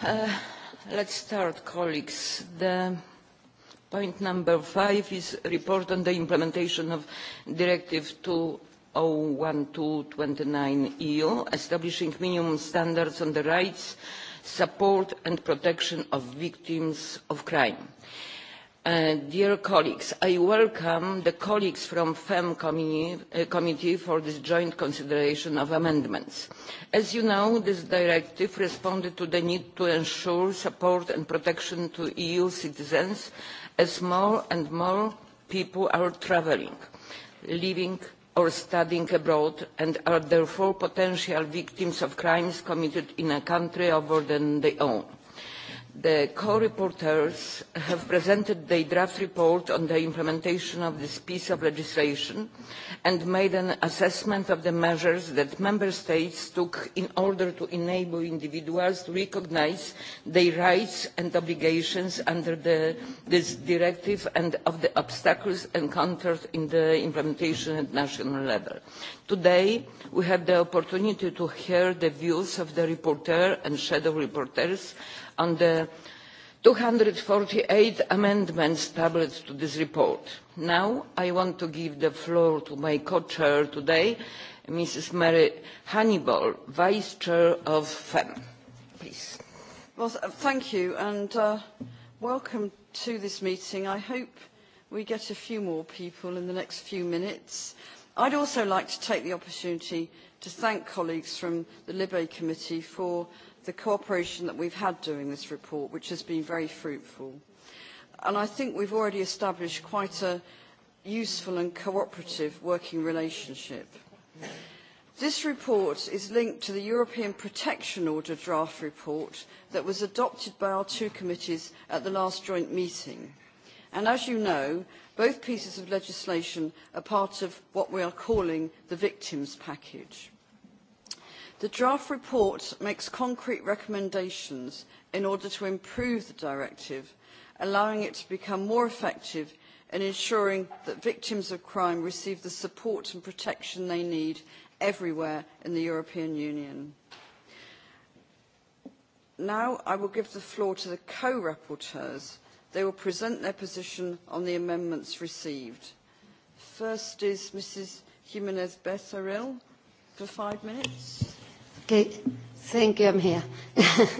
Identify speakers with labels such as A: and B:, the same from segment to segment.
A: Uh, let's start, colleagues. The point number five is report on the implementation of Directive 2012-29 EU, establishing minimum standards on the rights, support and protection of victims of crime. Uh, Uh, dear colleagues, I welcome the colleagues from FEM committee, uh, committee for this joint consideration of amendments. As you know, this directive responded to the need to ensure support and protection to EU citizens as more and more people are travelling, living or studying abroad and are therefore potential victims of crimes committed in a country other than their own. The co-reporters have presented their draft report on the implementation of this piece of legislation and made an assessment of the measures that Member States took in order to enable individuals to recognise their rights and obligations under the, this directive and of the obstacles encountered in the implementation at national level. Today, we have the opportunity to hear the views of the reporter and shadow reporters on the two hundred and forty eight amendments tabled to this report. now i want to give the floor to my co chair today mrs mary hannibal vice chair of femm. please.
B: well thank you and uh, welcome to this meeting. i hope we get a few more people in the next few minutes. I'd also like to take the opportunity to thank colleagues from the Libe Committee for the cooperation that we've had during this report, which has been very fruitful. And I think we've already established quite a useful and cooperative working relationship. This report is linked to the European Protection Order draft report that was adopted by our two committees at the last joint meeting. And as you know, both pieces of legislation are part of what we are calling the victims package. The draft report makes concrete recommendations in order to improve the directive, allowing it to become more effective in ensuring that victims of crime receive the support and protection they need everywhere in the European Union. Now I will give the floor to the co-rapporteurs. They will present their position on the amendments received. First is Mrs. Jimenez Becerril for five minutes.
C: Okay, thank you, I'm here.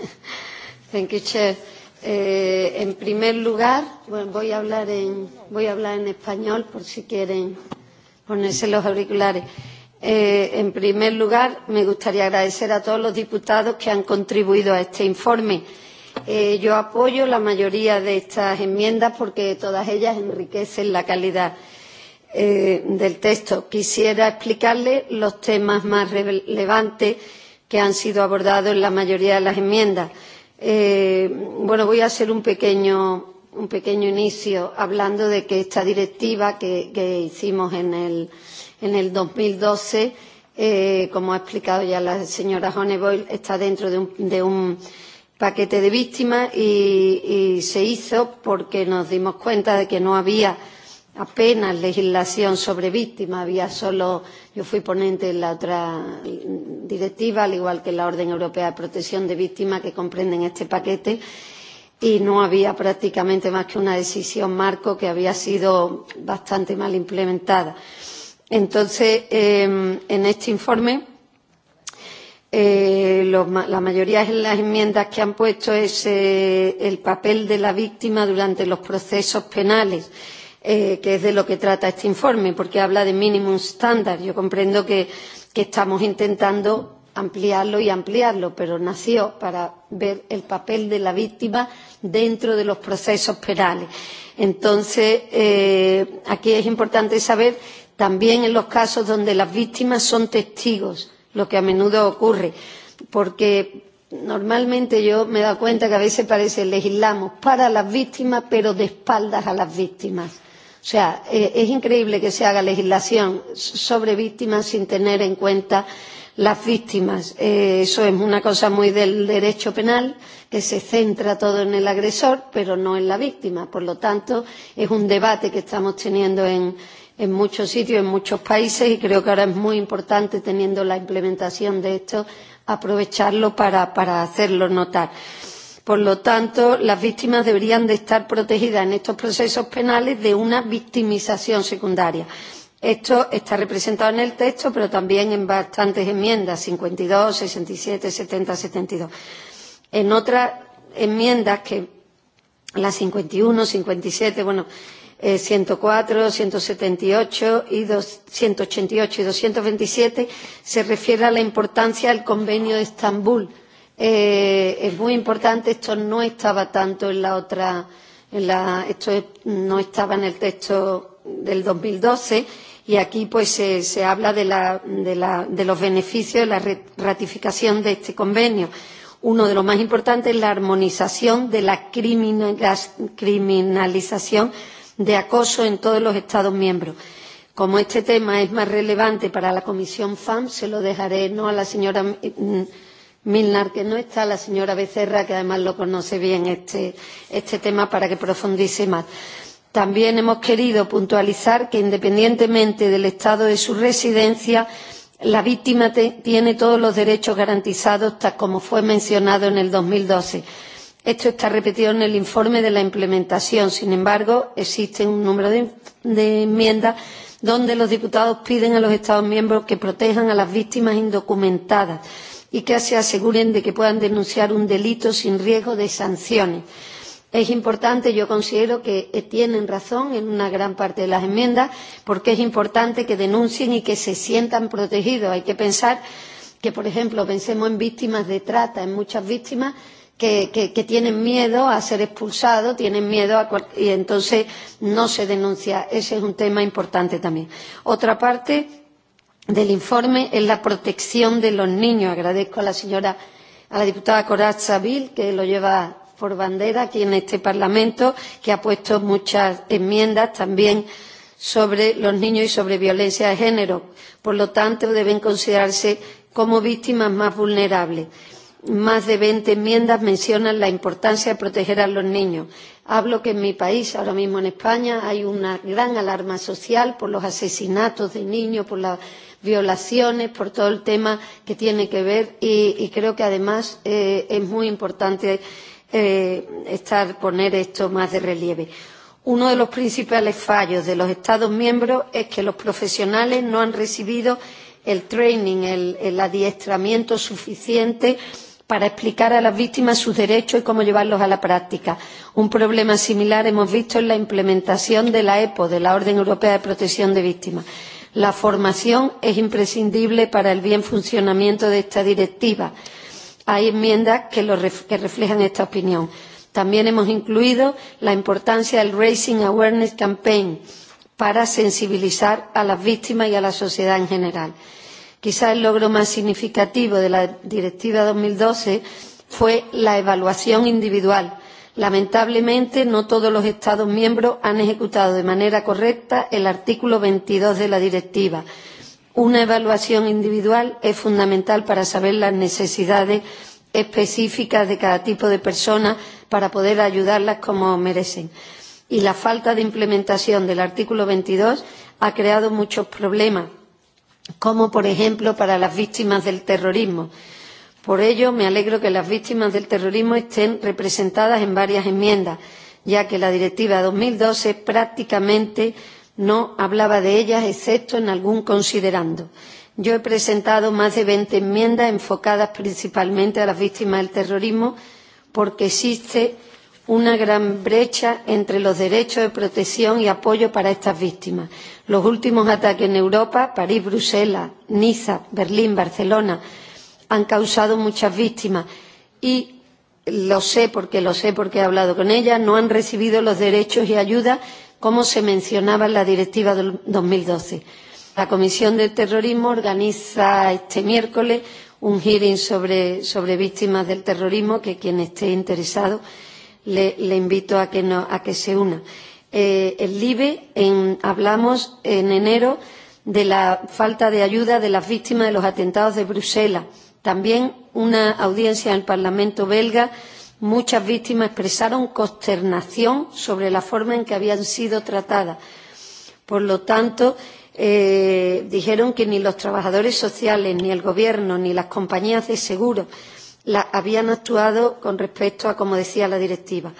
C: thank you, Chair. Eh, en primer lugar, bueno, voy, a hablar en, voy a hablar en español por si quieren ponerse los auriculares. Eh, en primer lugar, me gustaría agradecer a todos los diputados que han contribuido a este informe. Eh, yo apoyo la mayoría de estas enmiendas porque todas ellas enriquecen la calidad eh, del texto. Quisiera explicarles los temas más relevantes que han sido abordados en la mayoría de las enmiendas. Eh, bueno, voy a hacer un pequeño, un pequeño inicio hablando de que esta directiva que, que hicimos en el, en el 2012, eh, como ha explicado ya la señora Honeboil, está dentro de un, de un paquete de víctimas y, y se hizo porque nos dimos cuenta de que no había apenas legislación sobre víctimas, había solo, yo fui ponente en la otra directiva, al igual que la Orden Europea de Protección de Víctimas que comprenden este paquete, y no había prácticamente más que una decisión marco que había sido bastante mal implementada. Entonces, eh, en este informe, eh, lo, la mayoría de las enmiendas que han puesto es eh, el papel de la víctima durante los procesos penales eh, que es de lo que trata este informe, porque habla de minimum standard. Yo comprendo que, que estamos intentando ampliarlo y ampliarlo, pero nació para ver el papel de la víctima dentro de los procesos penales. Entonces, eh, aquí es importante saber también en los casos donde las víctimas son testigos, lo que a menudo ocurre, porque normalmente yo me he dado cuenta que a veces parece legislamos para las víctimas, pero de espaldas a las víctimas O sea, eh, es increíble que se haga legislación sobre víctimas sin tener en cuenta las víctimas. Eh, eso es una cosa muy del derecho penal, que se centra todo en el agresor, pero no en la víctima. Por lo tanto, es un debate que estamos teniendo en, en muchos sitios, en muchos países, y creo que ahora es muy importante, teniendo la implementación de esto, aprovecharlo para, para hacerlo notar. Por lo tanto, las víctimas deberían de estar protegidas en estos procesos penales de una victimización secundaria. Esto está representado en el texto, pero también en bastantes enmiendas, 52, 67, 70, 72. En otras enmiendas que las 51, 57, bueno, eh, 104, 178 y 2, 188 y 227 se refiere a la importancia del convenio de Estambul eh, es muy importante. Esto no estaba tanto en la otra, en la, esto no estaba en el texto del 2012 y aquí pues se, se habla de, la, de, la, de los beneficios de la ratificación de este convenio. Uno de los más importantes es la armonización de la criminalización de acoso en todos los Estados miembros. Como este tema es más relevante para la Comisión FAM, se lo dejaré no a la señora mm, Milnar, que no está la señora Becerra, que además lo conoce bien este, este tema para que profundice más. También hemos querido puntualizar que independientemente del estado de su residencia, la víctima te, tiene todos los derechos garantizados, tal como fue mencionado en el 2012. Esto está repetido en el informe de la implementación. Sin embargo, existe un número de, de enmiendas donde los diputados piden a los Estados miembros que protejan a las víctimas indocumentadas y que se aseguren de que puedan denunciar un delito sin riesgo de sanciones. Es importante, yo considero que eh, tienen razón en una gran parte de las enmiendas, porque es importante que denuncien y que se sientan protegidos. Hay que pensar que, por ejemplo, pensemos en víctimas de trata, en muchas víctimas que, que, que tienen miedo a ser expulsados, tienen miedo a cual, y entonces no se denuncia. Ese es un tema importante también. Otra parte del informe es la protección de los niños. Agradezco a la señora, a la diputada Corazza Vil, que lo lleva por bandera aquí en este Parlamento, que ha puesto muchas enmiendas también sobre los niños y sobre violencia de género. Por lo tanto, deben considerarse como víctimas más vulnerables. Más de 20 enmiendas mencionan la importancia de proteger a los niños. Hablo que en mi país, ahora mismo en España, hay una gran alarma social por los asesinatos de niños, por la violaciones, por todo el tema que tiene que ver y, y creo que además eh, es muy importante eh, estar, poner esto más de relieve. Uno de los principales fallos de los Estados miembros es que los profesionales no han recibido el training, el, el adiestramiento suficiente para explicar a las víctimas sus derechos y cómo llevarlos a la práctica. Un problema similar hemos visto en la implementación de la EPO, de la Orden Europea de Protección de Víctimas. La formación es imprescindible para el bien funcionamiento de esta directiva. Hay enmiendas que, lo ref que reflejan esta opinión. También hemos incluido la importancia del Racing Awareness Campaign para sensibilizar a las víctimas y a la sociedad en general. Quizá el logro más significativo de la Directiva 2012 fue la evaluación individual Lamentablemente, no todos los Estados miembros han ejecutado de manera correcta el artículo 22 de la directiva. Una evaluación individual es fundamental para saber las necesidades específicas de cada tipo de persona para poder ayudarlas como merecen. Y la falta de implementación del artículo 22 ha creado muchos problemas, como por ejemplo para las víctimas del terrorismo Por ello, me alegro que las víctimas del terrorismo estén representadas en varias enmiendas, ya que la Directiva 2012 prácticamente no hablaba de ellas, excepto en algún considerando. Yo he presentado más de 20 enmiendas enfocadas principalmente a las víctimas del terrorismo, porque existe una gran brecha entre los derechos de protección y apoyo para estas víctimas. Los últimos ataques en Europa, París, Bruselas, Niza, Berlín, Barcelona, han causado muchas víctimas y lo sé porque lo sé porque he hablado con ellas, no han recibido los derechos y ayudas como se mencionaba en la Directiva del 2012. La Comisión de Terrorismo organiza este miércoles un hearing sobre, sobre víctimas del terrorismo que quien esté interesado le, le invito a que, no, a que se una. Eh, el LIBE en, hablamos en enero de la falta de ayuda de las víctimas de los atentados de Bruselas También una audiencia en el Parlamento belga, muchas víctimas expresaron consternación sobre la forma en que habían sido tratadas. Por lo tanto, eh, dijeron que ni los trabajadores sociales, ni el gobierno, ni las compañías de seguro la, habían actuado con respecto a como decía la directiva.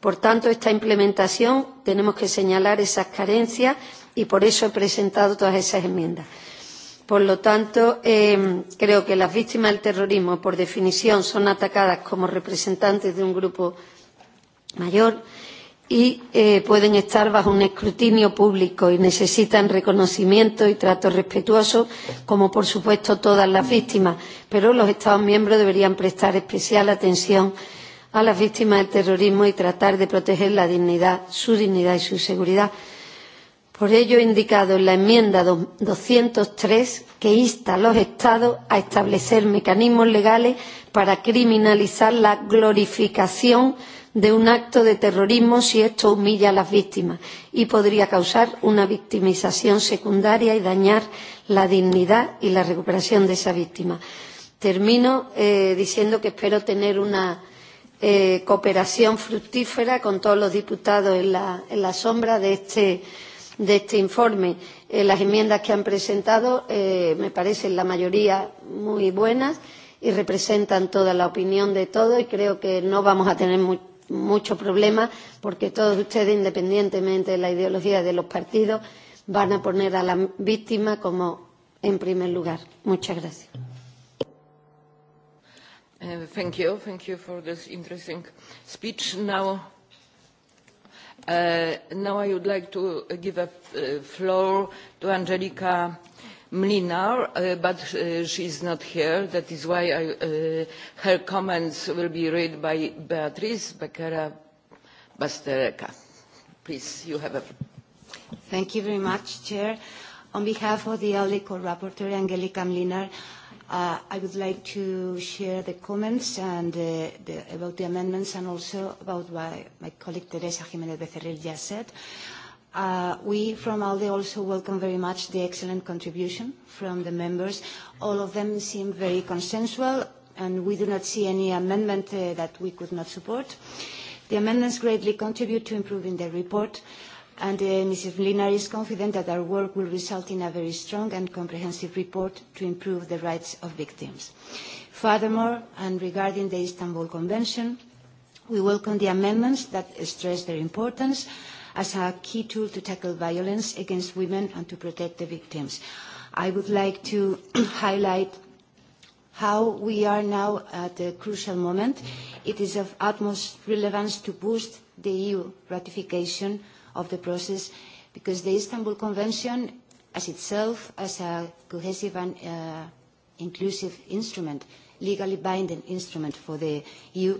C: Por tanto, esta implementación tenemos que señalar esas carencias y por eso he presentado todas esas enmiendas. Por lo tanto, eh, creo que las víctimas del terrorismo, por definición, son atacadas como representantes de un grupo mayor y eh, pueden estar bajo un escrutinio público y necesitan reconocimiento y trato respetuoso, como por supuesto todas las víctimas. Pero los Estados miembros deberían prestar especial atención a las víctimas del terrorismo y tratar de proteger la dignidad, su dignidad y su seguridad. Por ello he indicado en la enmienda 203 que insta a los Estados a establecer mecanismos legales para criminalizar la glorificación de un acto de terrorismo si esto humilla a las víctimas y podría causar una victimización secundaria y dañar la dignidad y la recuperación de esa víctima. Termino eh, diciendo que espero tener una eh, cooperación fructífera con todos los diputados en la, en la sombra de este de este informe. Eh, las enmiendas que han presentado eh, me parecen la mayoría muy buenas y representan toda la opinión de todos y creo que no vamos a tener mu mucho problema porque todos ustedes, independientemente de la ideología de los partidos, van a poner a la víctima como en primer lugar. Muchas gracias.
A: Uh, thank you. Thank you for this interesting speech. Now Uh, now I would like to give a uh, floor to Angelika Mlinar, uh, but uh, she is not here. That is why I, uh, her comments will be read by Beatriz Becerra Bastereka. Please, you have a
D: Thank you very much, Chair. On behalf of the ALDE rapporteur Angelika Mlinar, Uh, I would like to share the comments and uh, the, about the amendments and also about what my colleague Teresa Jimenez Becerril just said. Uh, we from ALDE also welcome very much the excellent contribution from the members. All of them seem very consensual and we do not see any amendment uh, that we could not support. The amendments greatly contribute to improving the report and uh, Mrs. Mlinar is confident that our work will result in a very strong and comprehensive report to improve the rights of victims. Furthermore, and regarding the Istanbul Convention, we welcome the amendments that stress their importance as a key tool to tackle violence against women and to protect the victims. I would like to highlight how we are now at a crucial moment. It is of utmost relevance to boost the EU ratification of the process because the Istanbul Convention as itself as a cohesive and uh, inclusive instrument, legally binding instrument for the EU,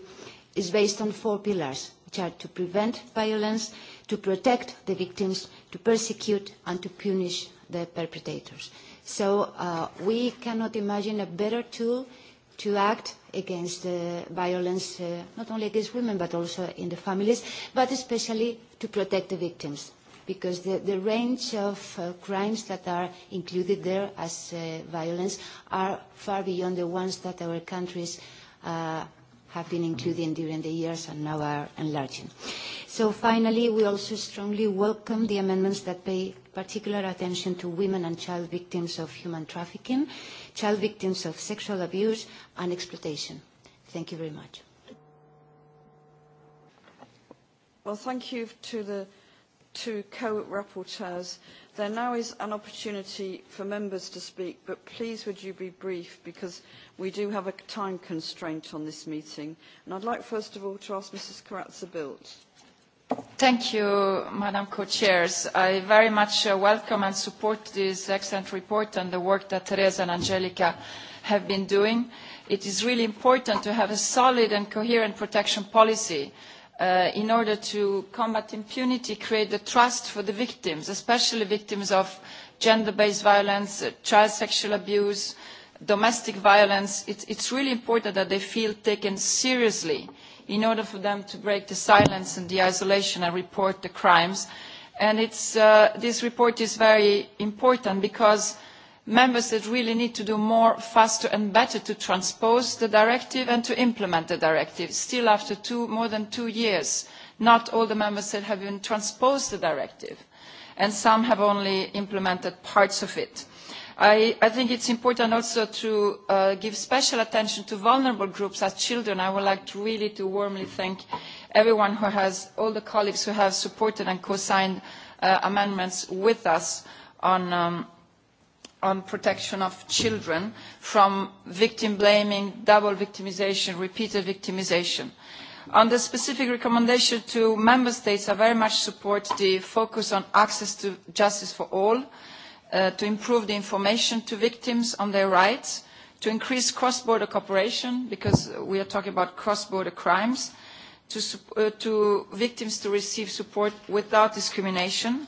D: is based on four pillars, which are to prevent violence, to protect the victims, to persecute and to punish the perpetrators. So uh, we cannot imagine a better tool to act against uh, violence, uh, not only against women, but also in the families, but especially to protect the victims, because the, the range of uh, crimes that are included there as uh, violence are far beyond the ones that our countries uh, have been including during the years and now are enlarging. So finally, we also strongly welcome the amendments that pay particular attention to women and child victims of human trafficking, child victims of sexual
B: abuse and
D: exploitation. Thank you very much.
B: Well, thank you to the two co-rapporteurs. There now is an opportunity for members to speak, but please would you be brief because we do have a time constraint on this meeting. And I'd like first of all to ask Mrs. Karatza-Bilt.
E: Thank you, Madam Co-Chairs. I very much uh, welcome and support this excellent report and the work that Teresa and Angelica have been doing. It is really important to have a solid and coherent protection policy uh, in order to combat impunity, create the trust for the victims, especially victims of gender-based violence, uh, child sexual abuse, domestic violence. It, it's really important that they feel taken seriously in order for them to break the silence and the isolation and report the crimes. And it's, uh, this report is very important because member states really need to do more faster and better to transpose the directive and to implement the directive. Still after more than two years, not all the member states have even transposed the directive and some have only implemented parts of it. I, think it is important also to uh, give special attention to vulnerable groups as children. I would like to really to warmly thank everyone who has, all the colleagues who have supported and co-signed uh, amendments with us on um, on protection of children from victim blaming, double victimization, repeated victimization. On the specific recommendation to member states, I very much support the focus on access to justice for all, uh, to improve the information to victims on their rights, to increase cross-border cooperation, because we are talking about cross-border crimes, to, uh, to victims to receive support without discrimination,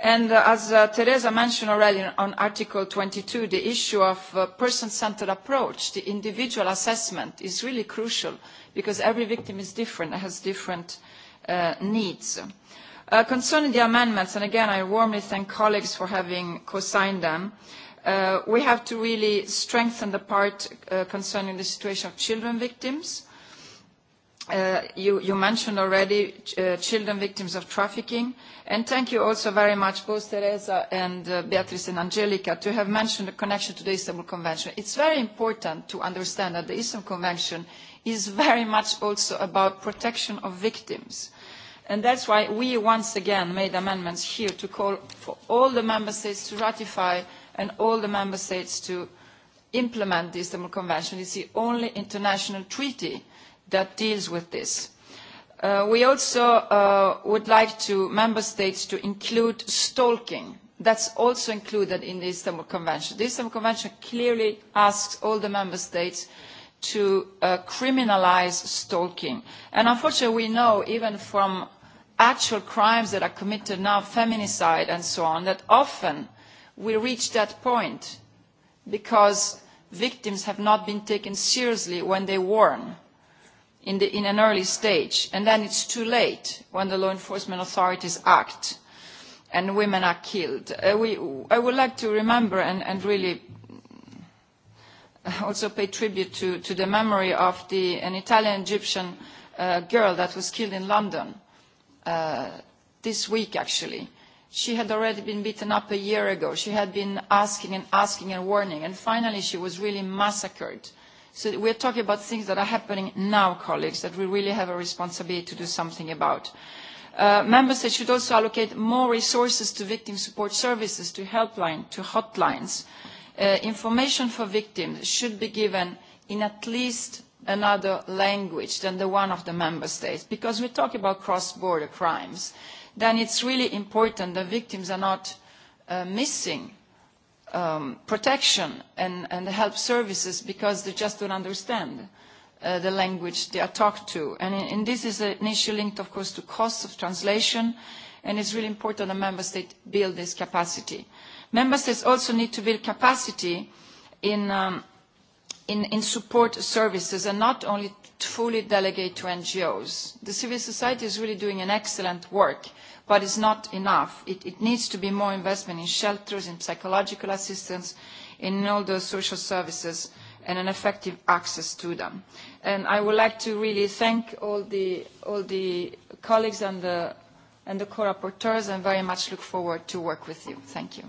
E: And uh, as uh, Teresa mentioned already on Article 22, the issue of a uh, person-centered approach, the individual assessment is really crucial because every victim is different and has different uh, needs. Uh, concerning the amendments, and again I warmly thank colleagues for having co-signed them, uh, we have to really strengthen the part uh, concerning the situation of children victims Uh, you, you mentioned already ch uh, children victims of trafficking. And thank you also very much, both Teresa and uh, Beatrice and Angelica, to have mentioned the connection to the Istanbul Convention. It's very important to understand that the Istanbul Convention is very much also about protection of victims. And that's why we once again made amendments here to call for all the member states to ratify and all the member states to implement the Istanbul Convention. It's the only international treaty that deals with this. Uh, we also uh, would like to member states to include stalking. That's also included in the Istanbul Convention. The Istanbul Convention clearly asks all the member states to uh, criminalize stalking. And unfortunately, we know even from actual crimes that are committed now, feminicide and so on, that often we reach that point because victims have not been taken seriously when they warn in, the, in an early stage, and then it's too late when the law enforcement authorities act and women are killed. Uh, we, I would like to remember and, and really also pay tribute to, to the memory of the, an Italian-Egyptian uh, girl that was killed in London uh, this week, actually. She had already been beaten up a year ago. She had been asking and asking and warning, and finally she was really massacred. Uh, So we're talking about things that are happening now, colleagues, that we really have a responsibility to do something about. Uh, member states should also allocate more resources to victim support services, to helpline, to hotlines. Uh, information for victims should be given in at least another language than the one of the member states, because we talk about cross-border crimes. Then it's really important that victims are not uh, missing um, protection and, and help services because they just don't understand uh, the language they are talked to. And, and this is an issue linked, of course, to costs of translation, and it's really important that member states build this capacity. Member states also need to build capacity in um, in, in support services and not only fully delegate to NGOs. The civil society is really doing an excellent work, but it's not enough. It, it needs to be more investment in shelters, in psychological assistance, in all the social services and an effective access to them. And I would like to really thank all the, all the colleagues and the, and the co-rapporteurs and very much look forward to work with you. Thank you.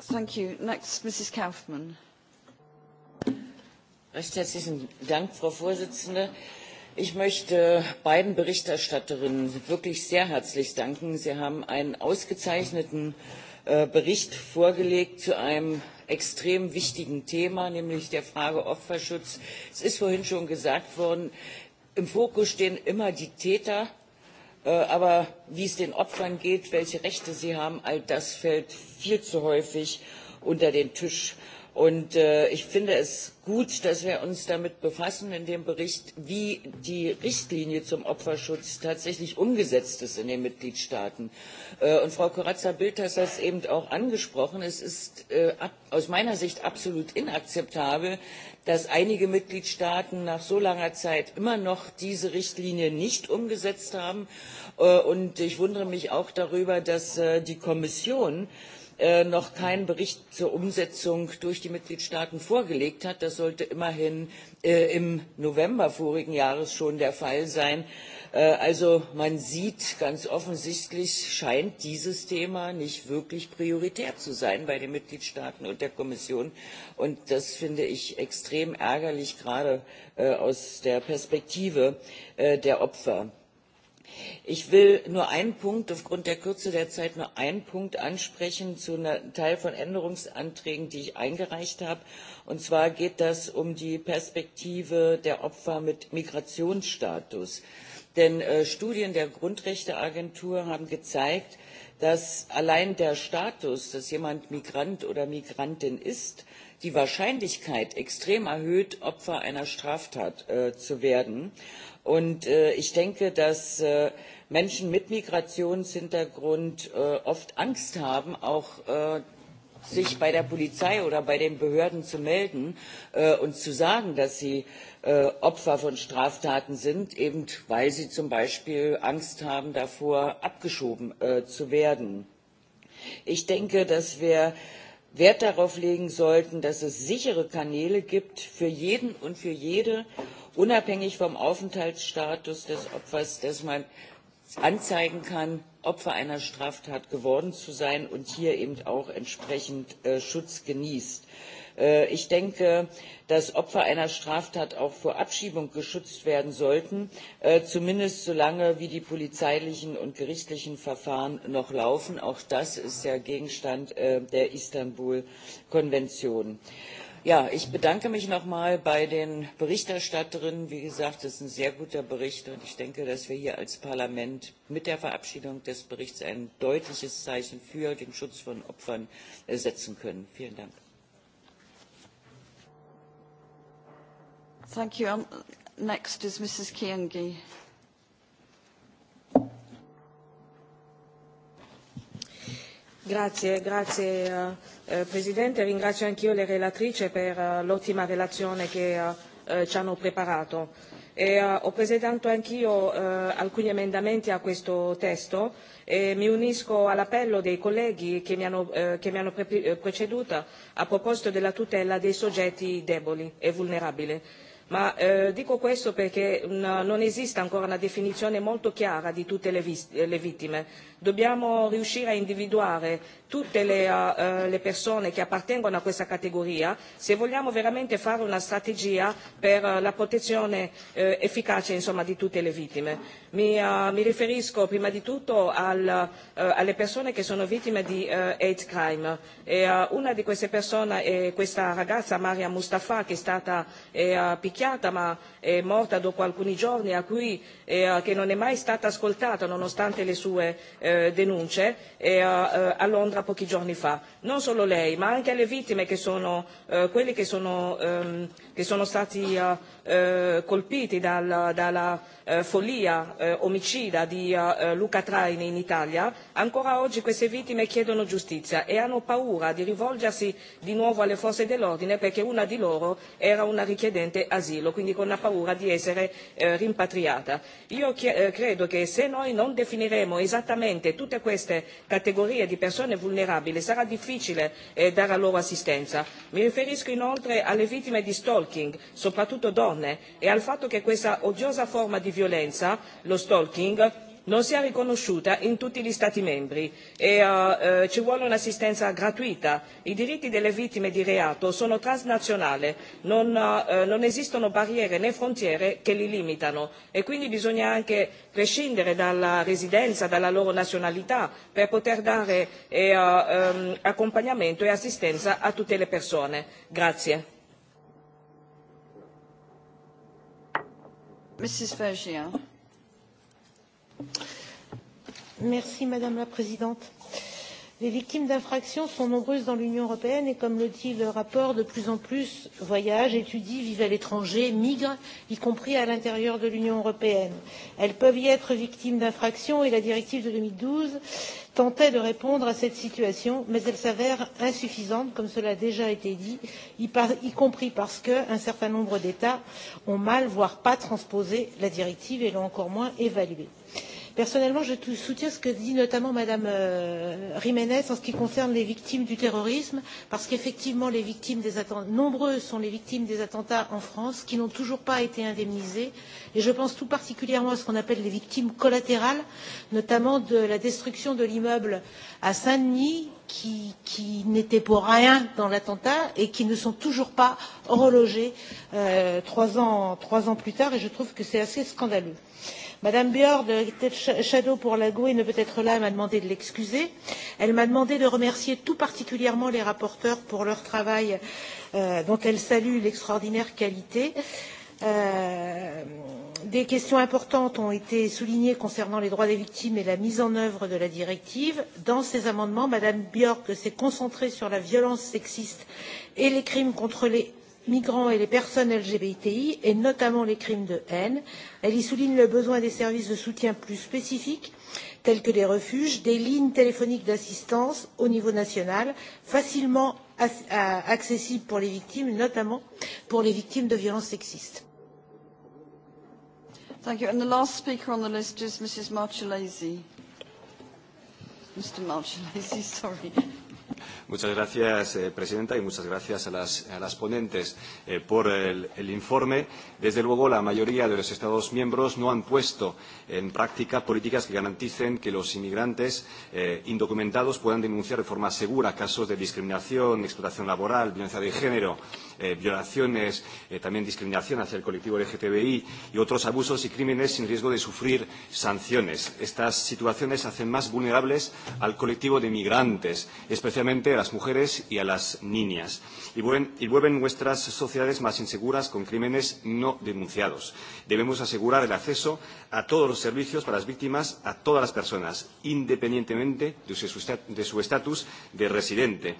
E: Thank you. Next, Mrs. Kaufman.
F: Recht herzlichen Dank, Frau Vorsitzende. Ich möchte beiden Berichterstatterinnen wirklich sehr herzlich danken. Sie haben einen ausgezeichneten äh, Bericht vorgelegt zu einem extrem wichtigen Thema, nämlich der Frage Opferschutz. Es ist vorhin schon gesagt worden, im Fokus stehen immer die Täter, äh, aber wie es den Opfern geht, welche Rechte sie haben, all das fällt viel zu häufig unter den Tisch. Und äh, ich finde es gut, dass wir uns damit befassen in dem Bericht, wie die Richtlinie zum Opferschutz tatsächlich umgesetzt ist in den Mitgliedstaaten. Äh, und Frau corazza Bild hat das eben auch angesprochen. Es ist äh, ab, aus meiner Sicht absolut inakzeptabel, dass einige Mitgliedstaaten nach so langer Zeit immer noch diese Richtlinie nicht umgesetzt haben. Äh, und ich wundere mich auch darüber, dass äh, die Kommission äh, Äh, noch keinen Bericht zur Umsetzung durch die Mitgliedstaaten vorgelegt hat. Das sollte immerhin äh, im November vorigen Jahres schon der Fall sein. Äh, also man sieht ganz offensichtlich, scheint dieses Thema nicht wirklich prioritär zu sein bei den Mitgliedstaaten und der Kommission. Und das finde ich extrem ärgerlich, gerade äh, aus der Perspektive äh, der Opfer. Ich will nur einen Punkt, aufgrund der Kürze der Zeit nur einen Punkt ansprechen zu einem Teil von Änderungsanträgen, die ich eingereicht habe. Und zwar geht das um die Perspektive der Opfer mit Migrationsstatus. Denn äh, Studien der Grundrechteagentur haben gezeigt, dass allein der Status, dass jemand Migrant oder Migrantin ist, die Wahrscheinlichkeit extrem erhöht, Opfer einer Straftat äh, zu werden. Und äh, ich denke, dass äh, Menschen mit Migrationshintergrund äh, oft Angst haben, auch äh, sich bei der Polizei oder bei den Behörden zu melden äh, und zu sagen, dass sie äh, Opfer von Straftaten sind, eben weil sie zum Beispiel Angst haben davor, abgeschoben äh, zu werden. Ich denke, dass wir Wert darauf legen sollten, dass es sichere Kanäle gibt für jeden und für jede, unabhängig vom Aufenthaltsstatus des Opfers, dass man anzeigen kann, Opfer einer Straftat geworden zu sein und hier eben auch entsprechend äh, Schutz genießt. Äh, ich denke, dass Opfer einer Straftat auch vor Abschiebung geschützt werden sollten, äh, zumindest solange wie die polizeilichen und gerichtlichen Verfahren noch laufen. Auch das ist ja Gegenstand äh, der Istanbul-Konvention. Äh, Ja, ich bedanke mich nochmal bei den Berichterstatterinnen. Wie gesagt, es ist ein sehr guter Bericht und ich denke, dass wir hier als Parlament mit der Verabschiedung des Berichts ein deutliches Zeichen für den Schutz von Opfern setzen können. Vielen Dank.
B: Thank you. Um, next is Mrs. Kiengi.
G: Grazie, grazie. Uh Eh, Presidente, ringrazio anch'io le relatrici per eh, l'ottima relazione che eh, ci hanno preparato. E, ho presentato anch'io alcuni emendamenti a questo testo e mi unisco all'appello dei colleghi che mi hanno, che mi hanno preceduta a proposito della tutela dei soggetti deboli e vulnerabili. Ma eh, dico questo perché una, non esiste ancora una definizione molto chiara di tutte le, le vittime Dobbiamo riuscire a individuare tutte le, uh, le persone che appartengono a questa categoria se vogliamo veramente fare una strategia per uh, la protezione uh, efficace insomma, di tutte le vittime. Mi, uh, mi riferisco prima di tutto al, uh, alle persone che sono vittime di uh, hate crime. E, uh, una di queste persone è questa ragazza Maria Mustafa che è stata è, uh, picchiata ma è morta dopo alcuni giorni a cui, è, uh, che non è mai stata ascoltata nonostante le sue uh, eh, denunce e, eh, a Londra pochi giorni fa. Non solo lei, ma anche alle vittime che sono eh, quelli che sono, ehm, che sono stati eh, colpiti dal, dalla eh, follia eh, omicida di eh, Luca Traini in Italia, ancora oggi queste vittime chiedono giustizia e hanno paura di rivolgersi di nuovo alle forze dell'ordine perché una di loro era una richiedente asilo, quindi con la paura di essere eh, rimpatriata. Io eh, credo che se noi non definiremo esattamente sicuramente tutte queste categorie di persone vulnerabili sarà difficile eh, dare loro assistenza. Mi riferisco inoltre alle vittime di stalking, soprattutto donne, e al fatto che questa odiosa forma di violenza, lo stalking, non sia riconosciuta in tutti gli Stati membri e uh, uh, ci vuole un'assistenza gratuita. I diritti delle vittime di reato sono transnazionali, non, uh, non esistono barriere né frontiere che li limitano e quindi bisogna anche prescindere dalla residenza, dalla loro nazionalità per poter dare uh, um, accompagnamento e assistenza a tutte le persone. Grazie. Mrs. Fergier.
H: Merci, Madame la Présidente. Les victimes d'infractions sont nombreuses dans l'Union européenne et, comme le dit le rapport, de plus en plus voyagent, étudient, vivent à l'étranger, migrent, y compris à l'intérieur de l'Union européenne. Elles peuvent y être victimes d'infractions et la directive de 2012 tentait de répondre à cette situation, mais elle s'avère insuffisante, comme cela a déjà été dit, y, par, y compris parce qu'un certain nombre d'États ont mal, voire pas transposé la directive et l'ont encore moins évaluée. Personnellement, je soutiens ce que dit notamment Madame euh, Jiménez en ce qui concerne les victimes du terrorisme, parce qu'effectivement, les victimes des attentats, nombreuses sont les victimes des attentats en France qui n'ont toujours pas été indemnisées. Et je pense tout particulièrement à ce qu'on appelle les victimes collatérales, notamment de la destruction de l'immeuble à Saint-Denis, qui, qui n'était pour rien dans l'attentat et qui ne sont toujours pas relogés euh, trois, ans, trois ans plus tard. Et je trouve que c'est assez scandaleux. Euh, Madame Bjord, Shadow pour la GUE, ne peut être là, elle m'a demandé de l'excuser. Elle m'a demandé de remercier tout particulièrement les rapporteurs pour leur travail euh, dont elle salue l'extraordinaire qualité. Euh, des questions importantes ont été soulignées concernant les droits des victimes et la mise en œuvre de la directive. Dans ces amendements, Madame Bjork s'est concentrée sur la violence sexiste et les crimes contre les migrants et les personnes LGBTI, et notamment les crimes de haine. Elle y souligne le besoin des services de soutien plus spécifiques, tels que des refuges, des lignes téléphoniques d'assistance au niveau national, facilement euh, accessibles pour les victimes, notamment pour les victimes de violences sexistes. Thank you. And the last speaker
B: on the list is Mrs. Marchalese. Mr. Marchalese, sorry.
I: Muchas gracias, eh, Presidenta, y muchas gracias a las, a las ponentes eh, por el, el informe. Desde luego, la mayoría de los Estados miembros no han puesto en práctica políticas que garanticen que los inmigrantes eh, indocumentados puedan denunciar de forma segura casos de discriminación, explotación laboral, violencia de género, eh, violaciones, eh, también discriminación hacia el colectivo LGTBI y otros abusos y crímenes sin riesgo de sufrir sanciones. Estas situaciones hacen más vulnerables al colectivo de migrantes, especialmente a las mujeres y a las niñas, y, vuelven, y vuelven nuestras sociedades más inseguras con crímenes no denunciados. Debemos asegurar el acceso a todos los servicios para las víctimas, a todas las personas, independientemente de, su estatus de residente.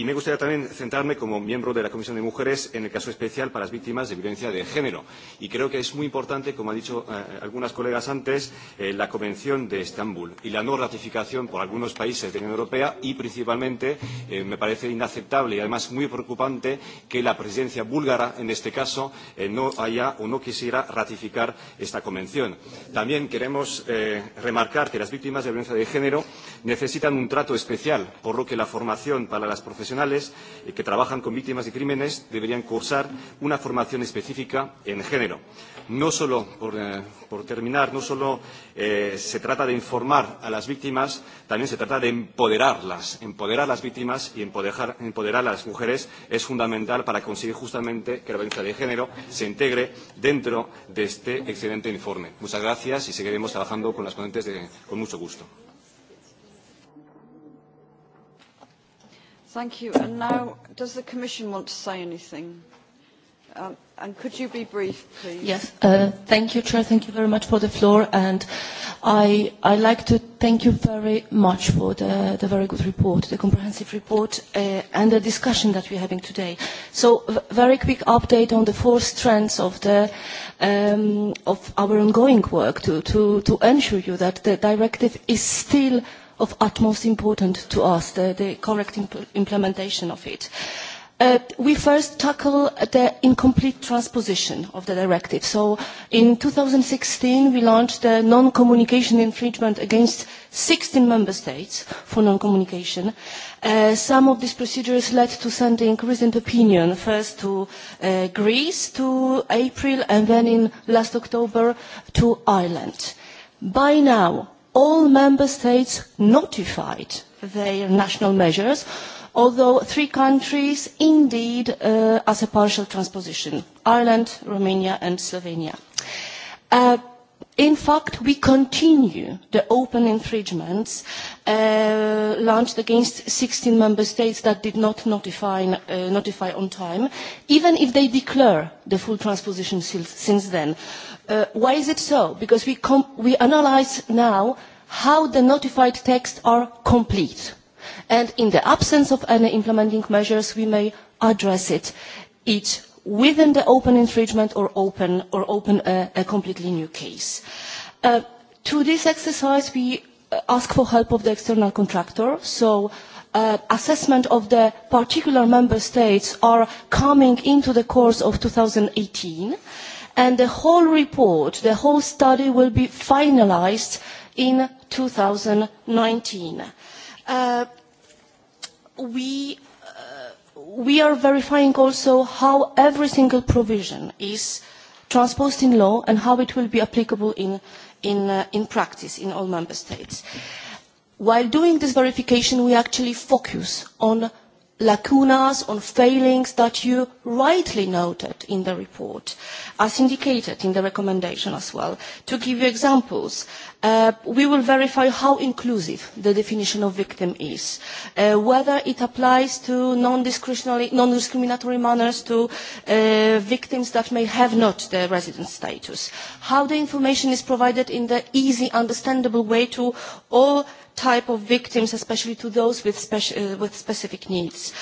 I: Y me gustaría también centrarme como miembro de la Comisión de Mujeres en el caso especial para las víctimas de violencia de género. Y creo que es muy importante, como han dicho eh, algunas colegas antes, eh, la Convención de Estambul y la no ratificación por algunos países de la Unión Europea y principalmente eh, me parece inaceptable y además muy preocupante que la presidencia búlgara, en este caso, eh, no haya o no quisiera ratificar esta convención. También queremos eh, remarcar que las víctimas de violencia de género necesitan un trato especial, por lo que la formación para las profesiones profesionales que trabajan con víctimas de crímenes deberían cursar una formación específica en género. No solo, por, eh, por terminar, no solo eh, se trata de informar a las víctimas, también se trata de empoderarlas. Empoderar a las víctimas y empoderar, empoderar a las mujeres es fundamental para conseguir justamente que la violencia de género se integre dentro de este excelente informe. Muchas gracias y seguiremos trabajando con las ponentes de, con mucho gusto.
B: Thank you. And now, does the Commission want to say anything? Um, and could you be brief, please? Yes.
J: Uh, thank you, Chair. Thank you very much for the floor. And I, I'd like to thank you very much for the, the very good report, the comprehensive report, uh, and the discussion that we're having today. So, very quick update on the four strands of, the, um, of our ongoing work to, to, to ensure you that the directive is still – of utmost importance to us, the, the correct imp implementation of it. Uh, we first tackle the incomplete transposition of the directive. So in 2016, we launched the non-communication infringement against 16 member states for non-communication. Uh, some of these procedures led to sending recent opinion first to uh, Greece to April and then in last October to Ireland. By now, all member states notified their national measures, although three countries indeed uh, as a partial transposition, Ireland, Romania and Slovenia. Uh, In fact, we continue the open infringements uh, launched against 16 member states that did not notify, uh, notify on time, even if they declare the full transposition since then. Uh, why is it so? Because we, com we analyze now how the notified texts are complete. And in the absence of any implementing measures, we may address it each within the open infringement or open, or open a, a completely new case. Uh, to this exercise, we uh, ask for help of the external contractor. So uh, assessment of the particular member states are coming into the course of 2018 and the whole report, the whole study will be finalized in 2019. Uh, we we are verifying also how every single provision is transposed in law and how it will be applicable in, in, uh, in practice in all member states. While doing this verification, we actually focus on lacunas, on failings that you rightly noted in the report, as indicated in the recommendation as well. To give you examples, uh, we will verify how inclusive the definition of victim is, uh, whether it applies to non-discriminatory non manners to uh, victims that may have not the resident status, how the information is provided in the easy, understandable way to all type of victims, especially to those with, speci uh, with specific needs.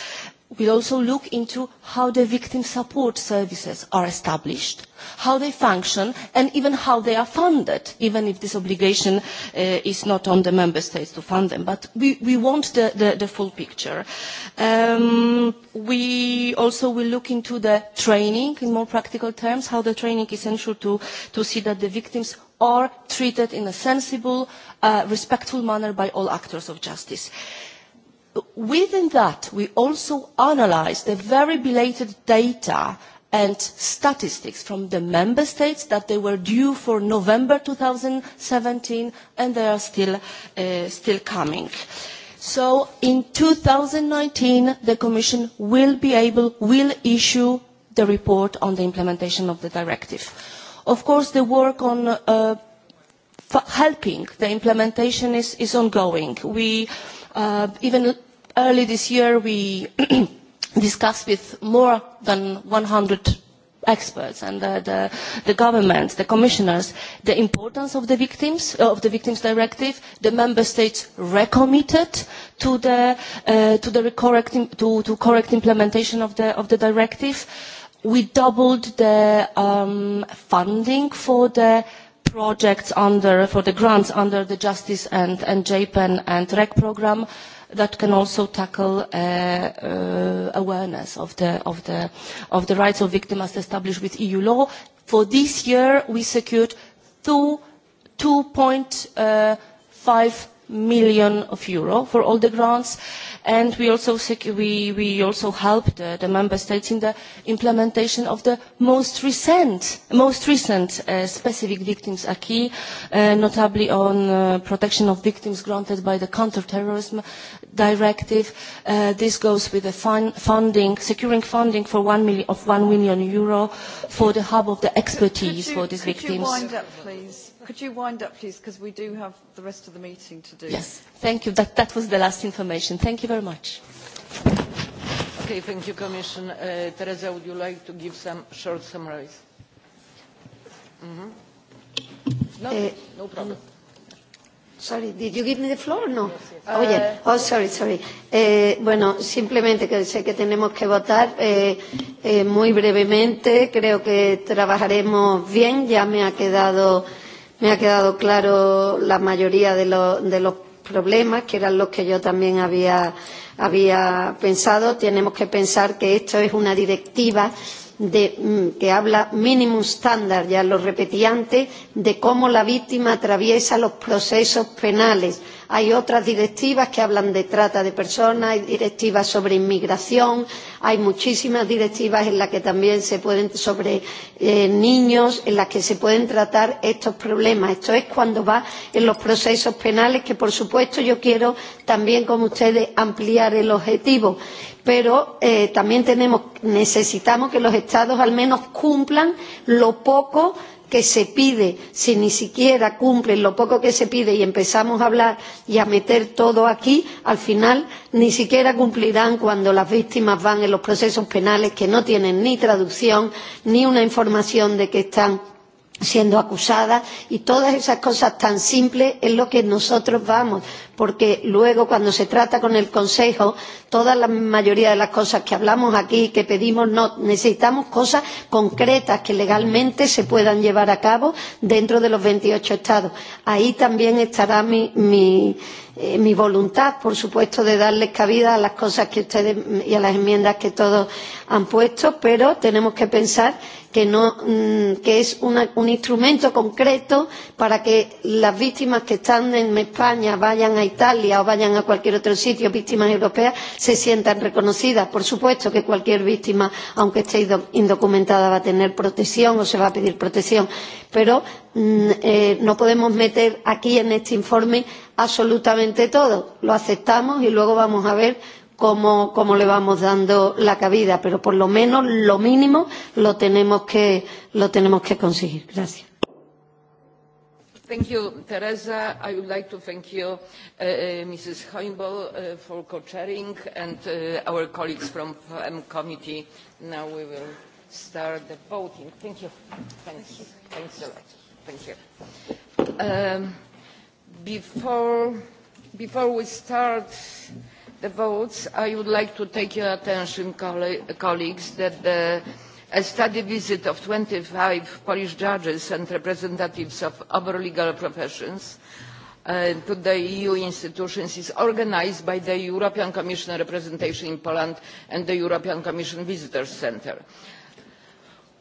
J: We'll also look into how the victim support services are established, how they function, and even how they are funded, even if this obligation uh, is not on the member states to fund them. But we, we want the, the, the full picture. Um, we also will look into the training in more practical terms, how the training is essential to, to see that the victims are treated in a sensible, uh, respectful manner by all actors of justice. Within that, we also analyze the very belated data and statistics from the member states that they were due for November 2017 and they are still, uh, still coming. So in 2019, the Commission will be able, will issue the report on the implementation of the directive. Of course, the work on uh, helping the implementation is, is ongoing. We, uh, even early this year, we discussed with more than 100 experts and the, the, the governments, the commissioners, the importance of the victims, uh, of the victims directive, the member states recommitted to the, uh, to the correct, to, to correct implementation of the, of the directive. Uh, we doubled the um, funding for the projects under, for the grants under the Justice and, and JPEN and REC program that can also tackle uh, uh, awareness of the, of, the, of the rights of victims as established with EU law. For this year, we secured 2.5 uh, million of euro for all the grants. Uh, and we also, secu we, we also help the, the member states in the implementation of the most recent, most recent uh, specific victims acquis, uh, notably on uh, protection of victims granted by the counter-terrorism directive. Uh, this goes with the fun funding, securing funding for one million, of 1 million euro for the hub of the expertise could you, for these could victims. You wind
B: up, please? could you wind up, please, because we do have the rest of the meeting to do. Yes,
J: thank you. That, that was the last information. Thank you very much.
B: Okay, thank you, Commissioner. Uh, Teresa, would you like to give
A: some short summaries? Mm -hmm. No, uh, no
C: problem. Sorry, did you give me the floor or no? oh, yeah. Uh, oh sorry, sorry. Eh, bueno, simplemente que sé que tenemos que votar eh, eh, muy brevemente. Creo que trabajaremos bien. Ya me ha quedado Me ha quedado claro la mayoría de, lo, de los problemas, que eran los que yo también había, había pensado. Tenemos que pensar que esto es una directiva de, mm, que habla minimum standard, ya lo repetí antes, de cómo la víctima atraviesa los procesos penales Hay otras directivas que hablan de trata de personas, hay directivas sobre inmigración, hay muchísimas directivas en las que también se pueden, sobre eh, niños, en las que se pueden tratar estos problemas. Esto es cuando va en los procesos penales, que por supuesto yo quiero también, como ustedes, ampliar el objetivo pero eh, también tenemos, necesitamos que los Estados al menos cumplan lo poco que se pide, si ni siquiera cumplen lo poco que se pide y empezamos a hablar y a meter todo aquí, al final ni siquiera cumplirán cuando las víctimas van en los procesos penales que no tienen ni traducción ni una información de que están siendo acusadas y todas esas cosas tan simples es lo que nosotros vamos, porque luego cuando se trata con el Consejo, toda la mayoría de las cosas que hablamos aquí, que pedimos, no, necesitamos cosas concretas que legalmente se puedan llevar a cabo dentro de los 28 estados. Ahí también estará mi, mi, eh, mi voluntad, por supuesto, de darles cabida a las cosas que ustedes y a las enmiendas que todos han puesto, pero tenemos que pensar que, no, mm, que es una, un instrumento concreto para que las víctimas que están en España vayan a Italia o vayan a cualquier otro sitio, víctimas europeas, se sientan reconocidas. Por supuesto que cualquier víctima, aunque esté indocumentada, va a tener protección o se va a pedir protección, pero Mm, eh, no podemos meter aquí en este informe absolutamente todo. Lo aceptamos y luego vamos a ver cómo, cómo le vamos dando la cabida, pero por lo menos lo mínimo lo tenemos que, lo tenemos que conseguir. Gracias.
D: Thank
A: you, Teresa. I would like to thank you, uh, uh Mrs. Hoimbo, uh, for co-chairing and uh, our colleagues from the committee. Now we will start the voting. Thank you. Thanks. Thank you. Thanks a lot thank you. Um, before, before we start the votes, I would like to take your attention, coll colleagues, that the, a study visit of 25 Polish judges and representatives of other legal professions uh, to the EU institutions is organized by the European Commission Representation in Poland and the European Commission Visitors Center. Uh,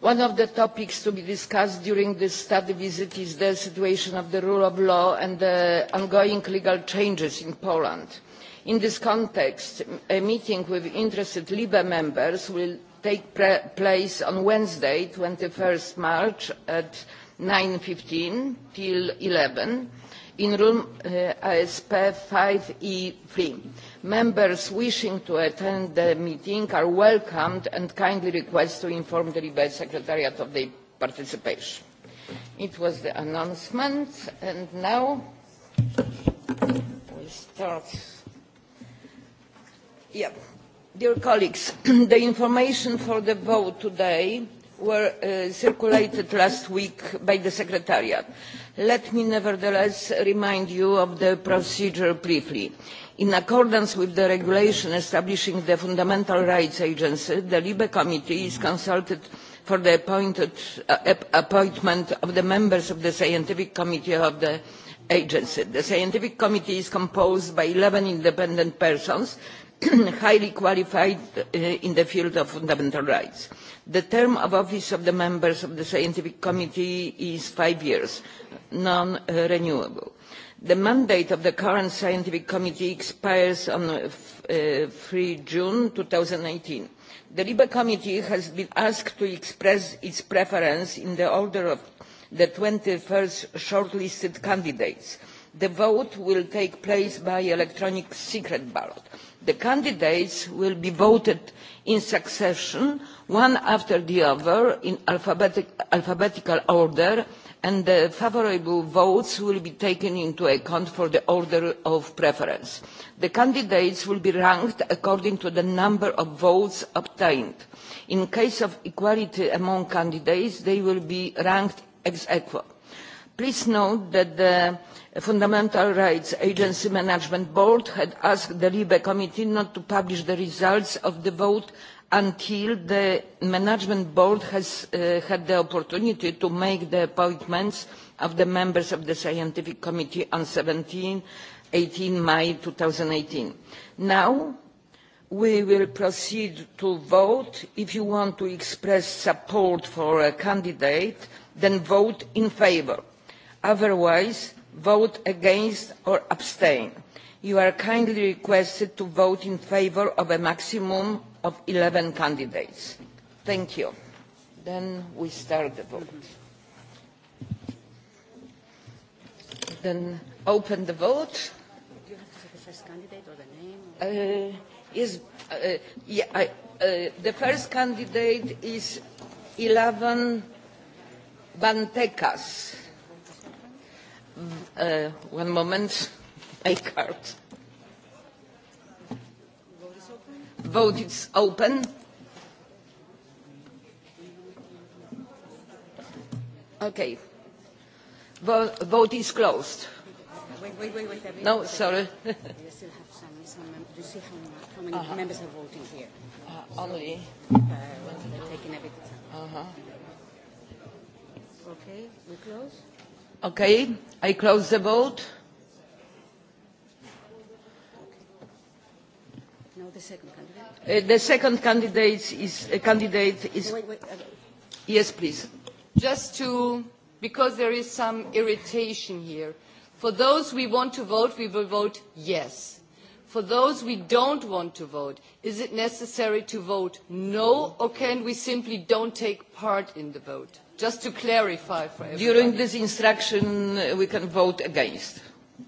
A: One of the topics to be discussed during this study visit is the situation of the rule of law and the ongoing legal changes in Poland. In this context, a meeting with interested LIBE members will take place on Wednesday, 21st March at 9.15 till 11 in room uh, ASP 5E3. E Members wishing to attend the meeting are welcomed and kindly request to inform the Debate Secretariat of their participation. It was the announcement and now we start. Yeah. Dear colleagues, the information for the vote today were uh, circulated last week by the Secretariat. Let me nevertheless remind you of the procedure briefly. In accordance with the regulation establishing the Fundamental Rights Agency, the LIBE Committee is consulted for the appointed, uh, appointment of the members of the Scientific Committee of the agency. The Scientific Committee is composed by eleven independent persons highly qualified uh, in the field of fundamental rights. The term of office of the members of the scientific committee is five years, non-renewable. The mandate of the current scientific committee expires on uh, 3 uh, June 2018. The LIBE committee has been asked to express its preference in the order of the 21st shortlisted candidates. The vote will take place by electronic secret ballot the candidates will be voted in succession, one after the other, in alphabetical order, and the favourable votes will be taken into account for the order of preference. The candidates will be ranked according to the number of votes obtained. In case of equality among candidates, they will be ranked ex equal. Please note that the Fundamental Rights Agency Management Board had asked the LIBE Committee not to publish the results of the vote until the Management Board has uh, had the opportunity to make the appointments of the members of the Scientific Committee on seventeen eighteen May eighteen. Now, we will proceed to vote. If you want to express support for a candidate, then vote in favour. Otherwise, vote against or abstain. You are kindly requested to vote in favour of a maximum of 11 candidates. Thank you. Then we start the vote. Then open the vote.
D: Do you have to say the first candidate or the name?
A: Or... Uh, is, uh, yeah, I, uh, the first candidate is 11 Bantekas. Uh, one moment, my card. Vote is open. Okay. Vo vote is closed.
D: Wait, wait, wait, wait. David. No, sorry. We still have some, some Do you see how, how many uh -huh. members are voting here. Uh, only. Uh, well, they're taking a bit of time. Uh
C: -huh. Okay, we close.
A: Okay, I close the vote.
J: No, the second candidate.
A: Uh, the second candidate is, uh, candidate is... Wait, wait, yes, please. Just to, because there is some irritation here. For those we want to vote, we will vote yes. For those we don't want to vote, is it necessary to vote no, or can we simply don't take part in the vote? Just to clarify for everybody. During this instruction, uh, we can vote against.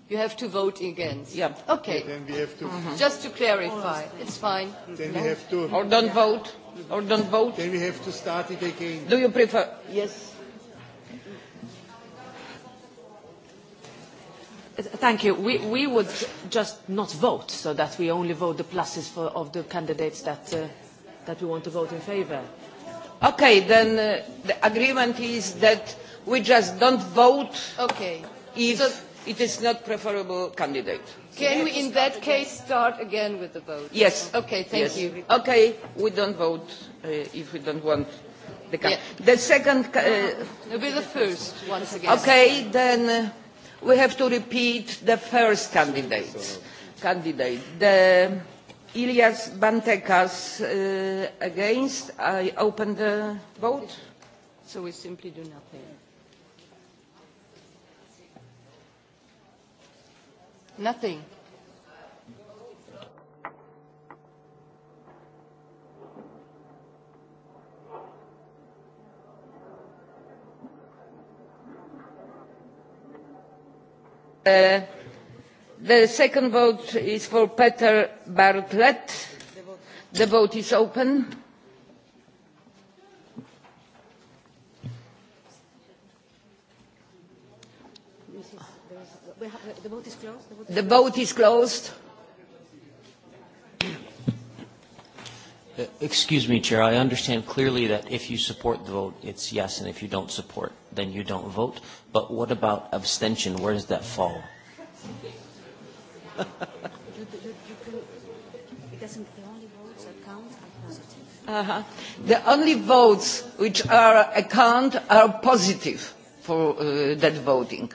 A: You have to vote against. Yeah. Okay. Then we have to. Mm -hmm. Just to clarify, it's fine. Then we have to. Or don't yeah. vote. Or don't vote. Then we have to start it again.
J: Do you prefer? Yes. Thank you. We, we would just not vote so that we only vote the pluses for, of the candidates that, uh, that we want to vote in favour. Okay, then
A: uh, the agreement is that we just don't vote okay. if so, it is not preferable candidate. Can we in
D: that case start again with the vote?
A: Yes. Okay, thank yes. you. Okay, we don't vote uh, if we don't want the candidate. Yeah. The second... Uh,
B: It'll be the first, once again. Okay,
A: then uh, we have to repeat the first candidate. Candidate. The Ilias Bantekas uh, against. I open the vote. So we simply do nothing. Nothing. Uh, The second vote is for Peter Bartlett. The vote is open. The vote is closed. Uh,
G: excuse me, Chair. I understand clearly that if you support the vote, it's yes, and if you don't support, then you don't vote. But what about abstention? Where does that fall?
A: Uh-huh. The only votes which are account are positive for uh, that voting.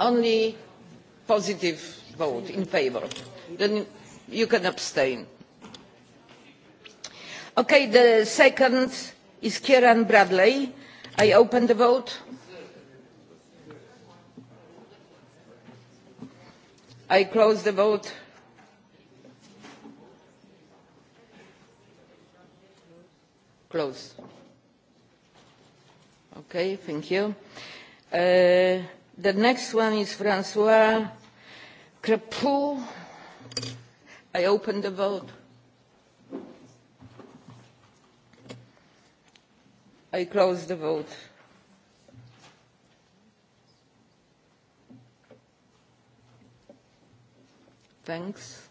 A: Only positive vote in favor. Then you can abstain. Okay, the second is Kieran Bradley. I open the vote. I close the vote. Close. Okay, thank you. Uh, the next one is Francois Crepeau. I open the vote. I close the vote. Thanks.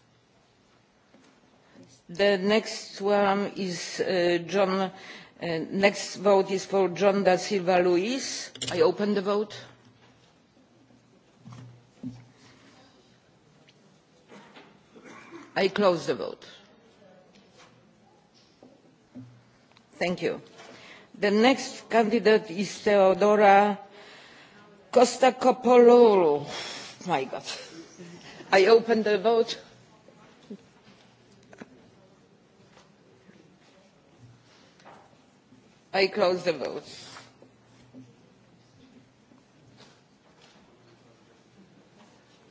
A: The next one is uh, John. Uh, next vote is for John da Silva Luis. I open the vote. I close the vote. Thank you. The next candidate is Theodora Costa Coppololo. My God. I open the vote. I close the vote.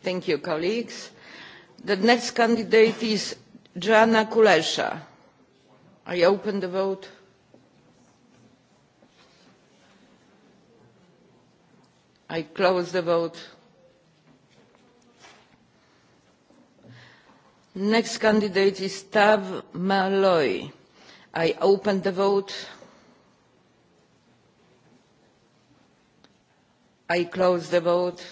A: Thank you, colleagues. The next candidate is Jana Kulesha. I open the vote. I close the vote. Next candidate is Tav Malloy. I open the vote. I close the vote.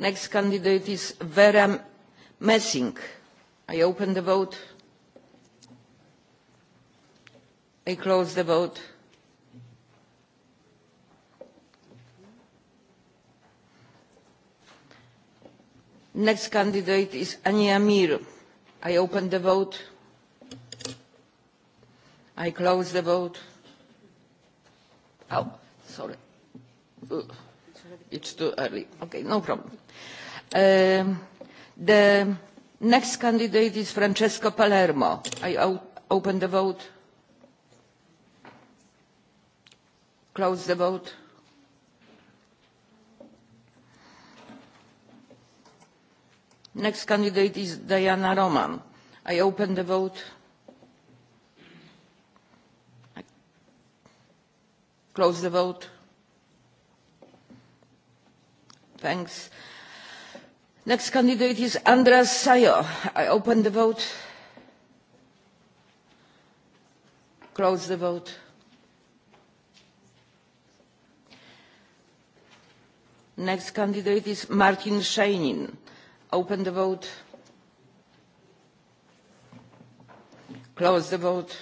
A: Next candidate is Vera Messing. I open the vote. I close the vote. Next candidate is Ania Mir. I open the vote. I close the vote. Oh, sorry. Ugh. It's too early. Okay, no problem. Um, the next candidate is Francesco Palermo. I open the vote. Close the vote. Next candidate is Diana Roman. I open the vote. I close the vote. Thanks. Next candidate is Andras Sayo. I open the vote. Close the vote. Next candidate is Martin Scheinin. Open the vote. Close the vote.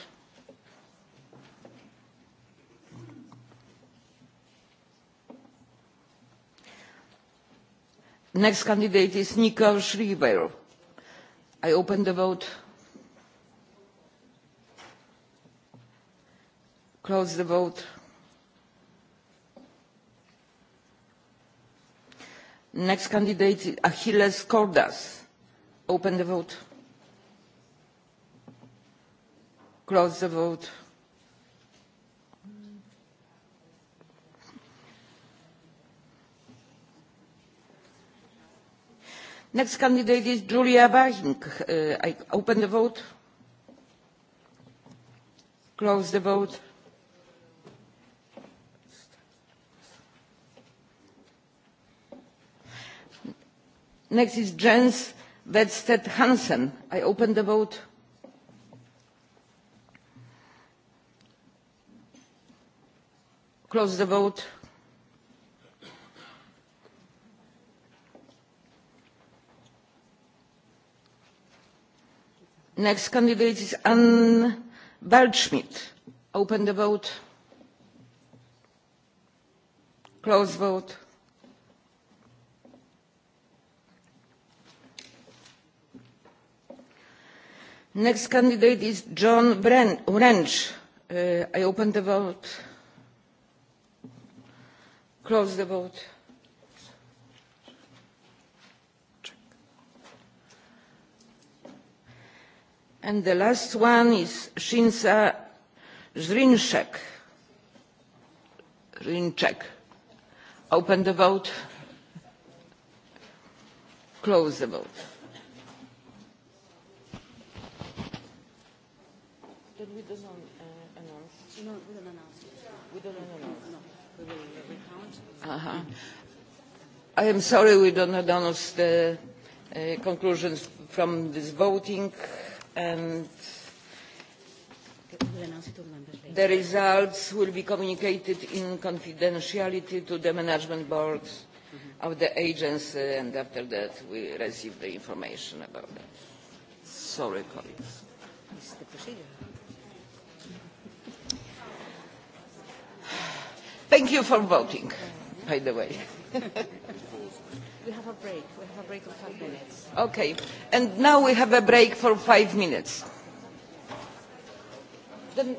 A: Next candidate is Nicole Schreiber. I open the vote. Close the vote. Next candidate, Achilles Cordas. Open the vote. Close the vote. Next candidate is Julia Wahing. Uh, I open the vote. Close the vote. Next is Jens Vedsted Hansen. I open the vote. Close the vote. Next candidate is Anne Waldschmidt. Open the vote. Close vote. Next candidate is John Bren Wrench. Uh, I open the vote. Close the vote. And the last one is Shinsa Zrinchek. Zrinchek. Open the vote. Close the vote. doesn't uh, announce. No, we don't announce We don't announce. No, we will recount. Uh-huh. I am sorry we don't announce the uh, conclusions from this voting and the results will be communicated in confidentiality to the management board mm-hmm. of the agency and after that we receive the information about that. Sorry colleagues. This is the procedure. Thank you for voting, by the way.
J: we have a break. We have a break of five minutes.
A: Okay. And now we have a break for five minutes. Then